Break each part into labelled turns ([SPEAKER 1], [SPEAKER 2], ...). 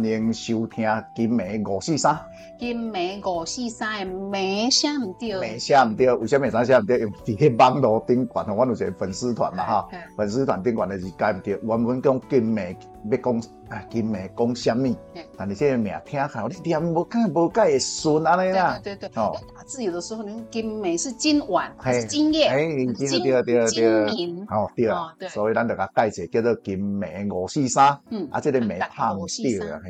[SPEAKER 1] 恁收聽《金梅五四三》，金梅五四三
[SPEAKER 2] 的梅寫唔對，梅
[SPEAKER 1] 寫唔對，有啥物三寫唔對？用佇去網絡頂管，我有一個粉絲團嘛，哈，粉絲團頂管的是改唔對。我們講金梅要講，哎，金梅講啥物？但是這個名聽好，你點無改無改會順安尼啊？對對對。哦，
[SPEAKER 2] 打字有的時候，你金梅是今晚還是今夜？今對對對。哦，
[SPEAKER 1] 對啊，所以咱就個改一下，叫做金梅五四三，啊，這個梅聽唔對。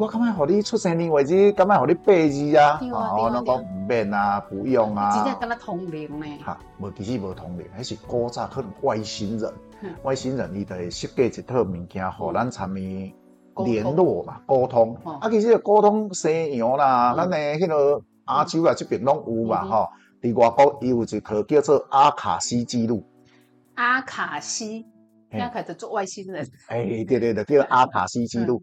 [SPEAKER 1] 我今日學你出生年月日，今日學你八字啊，我嗰個唔變啊，唔用啊，直接係
[SPEAKER 2] 咁通靈咧
[SPEAKER 1] 哈，冇其實冇通靈，係是古早可能外星人，外星人佢會設計一套物件，可咱參與聯絡嘛，溝通。啊，其實就溝通西洋啦，咱嘅嗰個阿洲啊，呢邊都有嘛，哈。喺外國又有一套叫做阿卡西記錄，
[SPEAKER 2] 阿卡西，啱開始做外星人，
[SPEAKER 1] 誒，對對對，叫阿卡西記錄。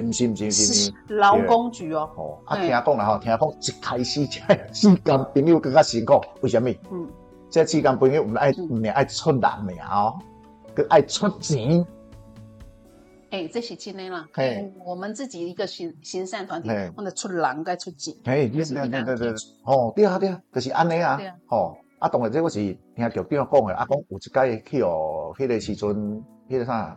[SPEAKER 1] 唔、欸、是唔是唔是，老公住哦。對啊，對 啊、聽講啦，聽講一開始即係間朋友更加辛苦，為咩？嗯，即係次干朋友，唔愛唔愛出人，咪啊，擱愛出錢。
[SPEAKER 2] 誒，即是真嘅啦。誒，我們自己一個行行善團體，我哋出人該出錢。
[SPEAKER 1] 誒，你你你你，哦，啲啊啲啊，啊、就是安尼啊。哦，啊，同學，即係我是聽住點樣講嘅，阿講有一屆去哦，嗰個時陣，嗰個啥？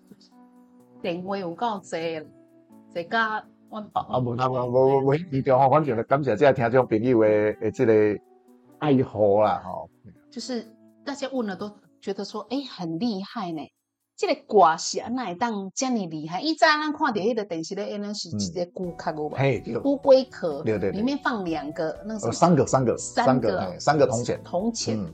[SPEAKER 2] 電話又
[SPEAKER 1] 講謝，謝家溫伯。啊，無啦，無無無，唔緊張，反正咧，感謝即個聽眾朋友嘅嘅，即個愛好啦，吼。
[SPEAKER 2] 就是，大家問了都覺得說，哎、欸，很厲害呢。即、這個怪事，那一檔，咁厲害，一張人畫掉一個東西咧，原來是隻龜殼。嘿，烏龜殼。裏面放兩個，對對對那三
[SPEAKER 1] 個，三個，三個，三個銅錢。銅錢。嗯